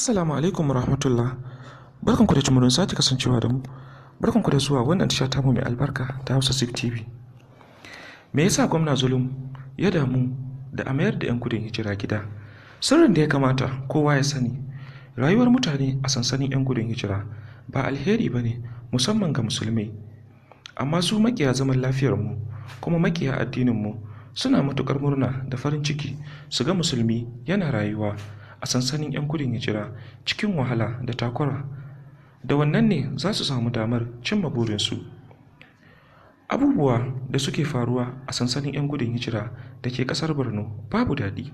Assalamu alaikum rahmatullah. Barkan ku da jimurin sake kasancewa da mu. Barkan ku da zuwa wannan tasha ta mu mai albarka ta Hausa Sik TV. Me yasa gwamna Zulum ya damu da a mayar da 'yan gudun hijira gida? Sirrin da ya kamata kowa ya sani. Rayuwar mutane a sansanin 'yan gudun hijira ba alheri ba ne musamman ga musulmai. Amma su makiya zaman lafiyar mu kuma makiya addinin mu suna matukar murna da farin ciki su ga musulmi yana rayuwa a sansanin 'yan gudun hijira cikin wahala da takura da wannan ne za su samu damar cimma burinsu abubuwa da suke faruwa a sansanin 'yan gudun hijira da ke kasar borno babu daɗi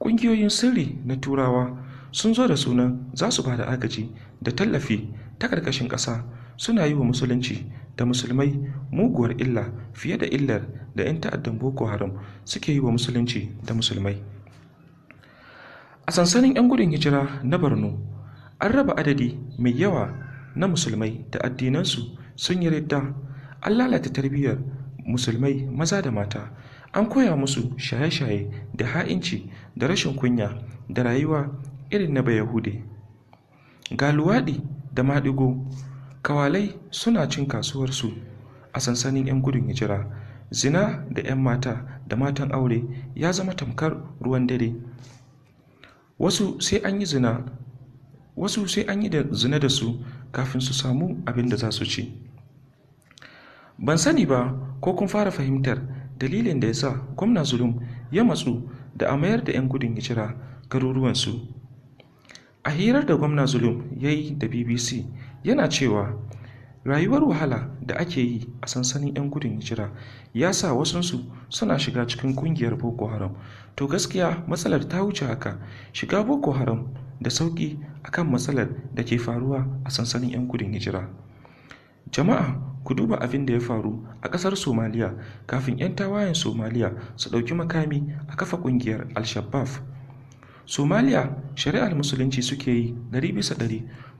ƙungiyoyin sirri na turawa sun zo da sunan za su ba da agaji da tallafi ta ƙarƙashin ƙasa suna yi wa musulunci da musulmai muguwar illa fiye da illar da 'yan ta'addan boko haram suke yi wa musulunci da musulmai a sansanin 'yan gudun hijira na borno an raba adadi mai yawa na musulmai da addinansu sun yi ridda an lalata tarbiyyar musulmai maza da mata an koya musu shaye-shaye da ha'inci da rashin kunya da rayuwa irin na bayahude ga luwaɗi da maɗigo kawalai suna cin kasuwarsu a sansanin 'yan gudun hijira zina da 'yan mata da matan aure ya zama tamkar ruwan dare wasu sai an yi zina wasu sai an yi zina da su kafin su samu abin da za su ci ban sani ba ko kun fara fahimtar dalilin da ya sa gwamna zulum ya matsu da a mayar da 'yan gudun hijira garuruwansu a hirar da gwamna zulum ya yi da bbc yana cewa Rayuwar wahala da ake yi a sansanin 'yan gudun hijira ya sa wasunsu suna shiga cikin kungiyar Boko Haram, to gaskiya matsalar ta wuce haka, shiga Boko Haram da sauƙi a kan matsalar da ke faruwa a sansanin 'yan gudun hijira. Jama'a ku duba abin da ya faru a ƙasar Somaliya kafin 'yan tawayen Somaliya su ɗauki makami a kafa ƙungiyar Al-Shabaab. somaliya shari'ar musulunci suke yi ɗari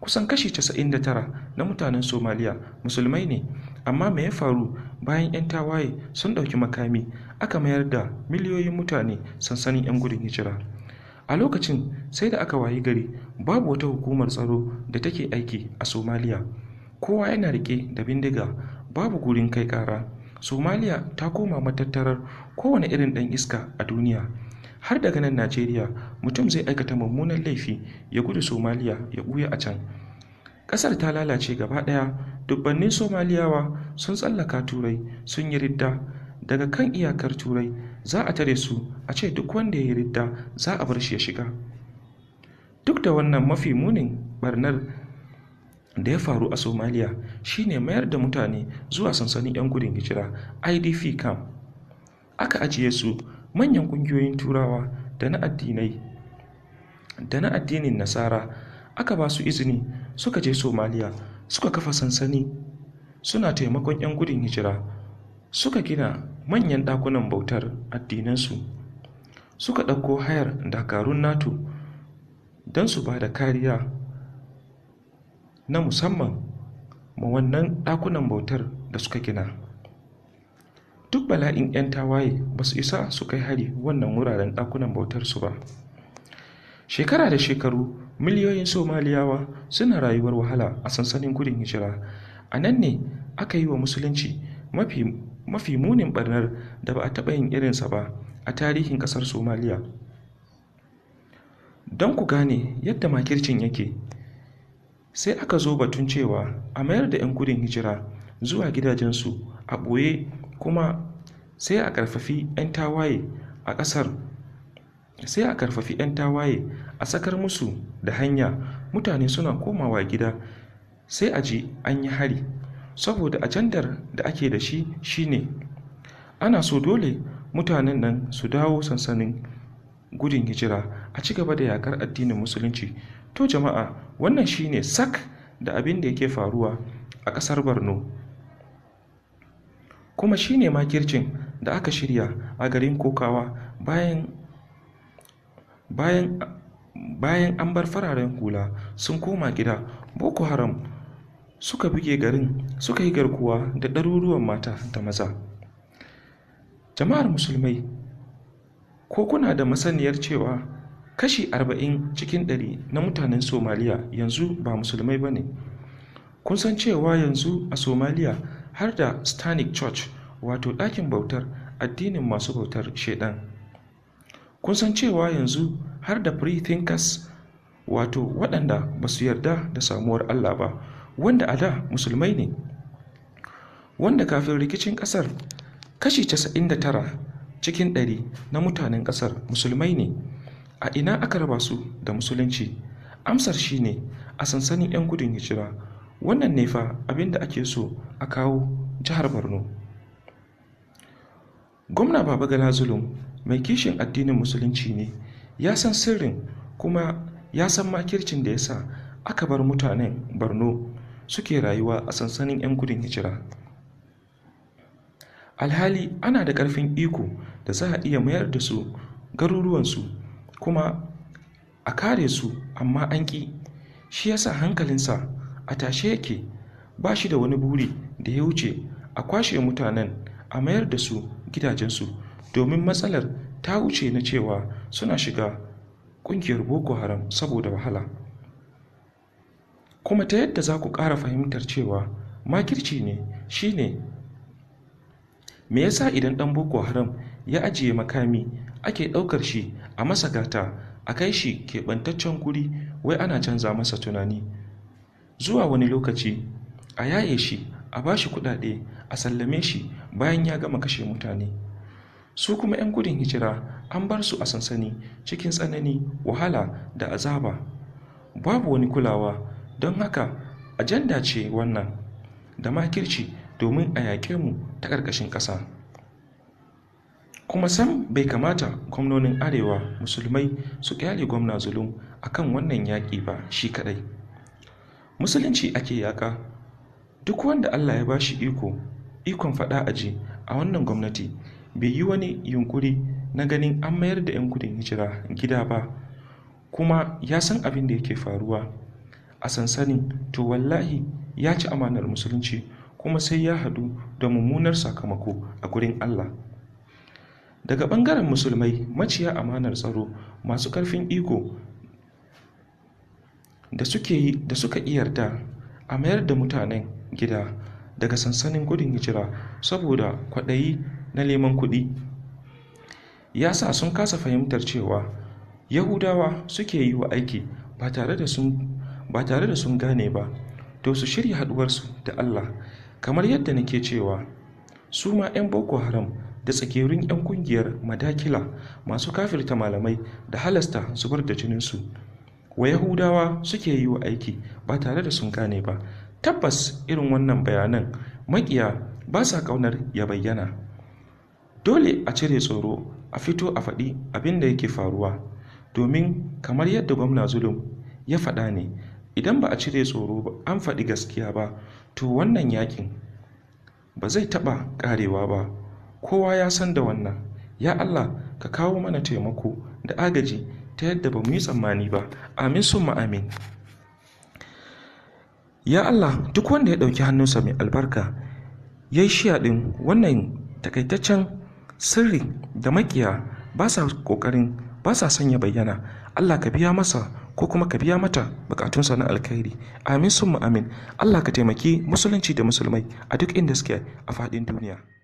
kusan kashi 99 na mutanen somaliya musulmai ne amma me ya faru bayan 'yan tawaye sun ɗauki makami aka mayar da miliyoyin mutane sansanin 'yan gudun hijira a lokacin sai da aka wayi gari babu wata hukumar tsaro da take aiki a somaliya kowa yana rike da bindiga babu gurin kai kara somaliya ta koma matattarar kowane irin ɗan iska a duniya har daga nan najeriya mutum zai aikata mummunan laifi ya gudu somaliya ya ɓuya a can ƙasar ta lalace gaba ɗaya dubbannin somaliyawa sun tsallaka turai sun yi ridda daga kan iyakar turai za a tare su a ce duk wanda ya yi ridda za a bar shi ya shiga duk da wannan mafi munin barnar da ya faru a somaliya shine mayar da mutane zuwa sansanin 'yan gudun hijira idp camp aka ajiye su manyan ƙungiyoyin turawa da na addinai da na addinin nasara aka ba su izini suka je somaliya suka kafa sansani suna taimakon 'yan gudun hijira suka gina manyan ɗakunan bautar addinansu suka ɗauko hayar dakarun nato don su ba da kariya na musamman ma wannan ɗakunan bautar da suka gina duk bala'in 'yan tawaye ba su isa su kai hari wannan wuraren ɗakunan bautar su ba shekara da shekaru miliyoyin somaliyawa suna rayuwar wahala a sansanin gudun hijira a nan ne aka yi wa musulunci mafi, munin barnar da ba a taɓa yin irinsa ba a tarihin ƙasar somaliya don ku gane yadda makircin yake sai aka zo batun cewa a mayar da 'yan gudun hijira zuwa gidajensu a ɓoye kuma sai a ƙarfafi 'yan tawaye a ƙasar sai a ƙarfafi 'yan tawaye a sakar musu da hanya mutane suna komawa gida sai a ji an yi hari saboda ajandar da ake da shi shine ana so dole mutanen nan su dawo sansanin gudun hijira a ci gaba da yakar addinin musulunci to jama'a wannan shine sak da abin da yake faruwa a ƙasar borno kuma shi ne makircin da aka shirya a garin kokawa bayan an bar fararen hula sun koma gida boko haram suka buge garin suka yi garkuwa da ɗaruruwan mata da maza jama'ar musulmai ko kuna da masaniyar cewa kashi 40 cikin 100 na mutanen somaliya yanzu ba musulmai ba ne kun san cewa yanzu a somaliya har da stanic Church wato ɗakin bautar addinin masu bautar shaidan. Kun san cewa yanzu har da free thinkers wato waɗanda ba su yarda da samuwar Allah ba wanda a da musulmai ne. Wanda kafin rikicin ƙasar kashi 99 cikin ɗari na mutanen ƙasar musulmai ne a ina aka raba su da musulunci amsar shine a sansanin 'yan gudun hijira wannan ne fa abin da ake so a kawo jihar borno gwamna baba gala zulum mai kishin addinin musulunci ne ya san sirrin kuma ya san makircin da ya sa aka bar mutanen borno suke rayuwa a sansanin 'yan gudun hijira alhali ana da ƙarfin iko da za a iya mayar da su garuruwansu kuma a kare su amma an ƙi shi yasa hankalinsa a tashe yake ba shi da wani buri da ya wuce a kwashe mutanen a mayar da su gidajensu domin matsalar ta wuce na cewa suna shiga kungiyar boko haram saboda wahala kuma ta yadda za ku kara fahimtar cewa makirci ne shine me yasa idan ɗan boko haram ya ajiye makami ake ɗaukar shi a masa gata a kai shi keɓantaccen guri wai ana canza masa tunani zuwa wani lokaci a yaye shi a ba shi kuɗaɗe a sallame shi bayan ya gama kashe mutane su kuma 'yan gudun hijira an bar su a sansani cikin tsanani wahala da azaba babu wani kulawa don haka ajanda ce wannan da makirci domin a yaƙe mu ta ƙarƙashin ƙasa kuma sam bai kamata gwamnonin arewa musulmai su ƙyale gwamna zulum akan wannan yaƙi ba shi kaɗai musulunci ake yaƙa duk wanda allah ya bashi iko ikon faɗa aji a wannan gwamnati bai yi wani yunkuri na ganin an mayar da 'yan gudun hijira gida ba kuma ya san abin da yake faruwa a sansani to wallahi ya ci amanar musulunci kuma sai ya haɗu da mummunar sakamako a gurin allah daga ɓangaren musulmai maciya amanar tsaro masu ƙarfin iko da suke yi da suka iya yarda a mayar da mutanen gida daga sansanin gudun hijira saboda kwaɗayi na neman kuɗi ya sa sun kasa fahimtar cewa yahudawa suke yi wa aiki ba tare da sun gane ba to su shirya haɗuwarsu da allah kamar yadda nake cewa su ma 'yan boko haram da tsakirin 'yan kungiyar madakila masu kafirta malamai da halasta zubar da jininsu wa Yahudawa suke yi wa aiki ba tare da sun gane ba tabbas irin wannan bayanan makiya ba sa ƙaunar ya bayyana dole a cire tsoro a fito a faɗi abin da yake faruwa domin kamar yadda gwamna zulum ya faɗa ne idan ba a cire tsoro ba an faɗi gaskiya ba to wannan yakin ba zai taɓa ƙarewa ba kowa ya san da wannan ya allah ka kawo mana taimako da agaji ta yadda ba mu yi tsammani ba amin sun amin ya Allah duk wanda ya ɗauki hannunsa mai albarka ya yi shiya ɗin wannan takaitaccen sirri da makiya ba sa ƙoƙarin ba sa sanya bayyana Allah ka biya masa ko kuma ka biya mata bukatunsa na alkhairi amin sun amin Allah ka taimaki musulunci da musulmai a duk inda suke a faɗin duniya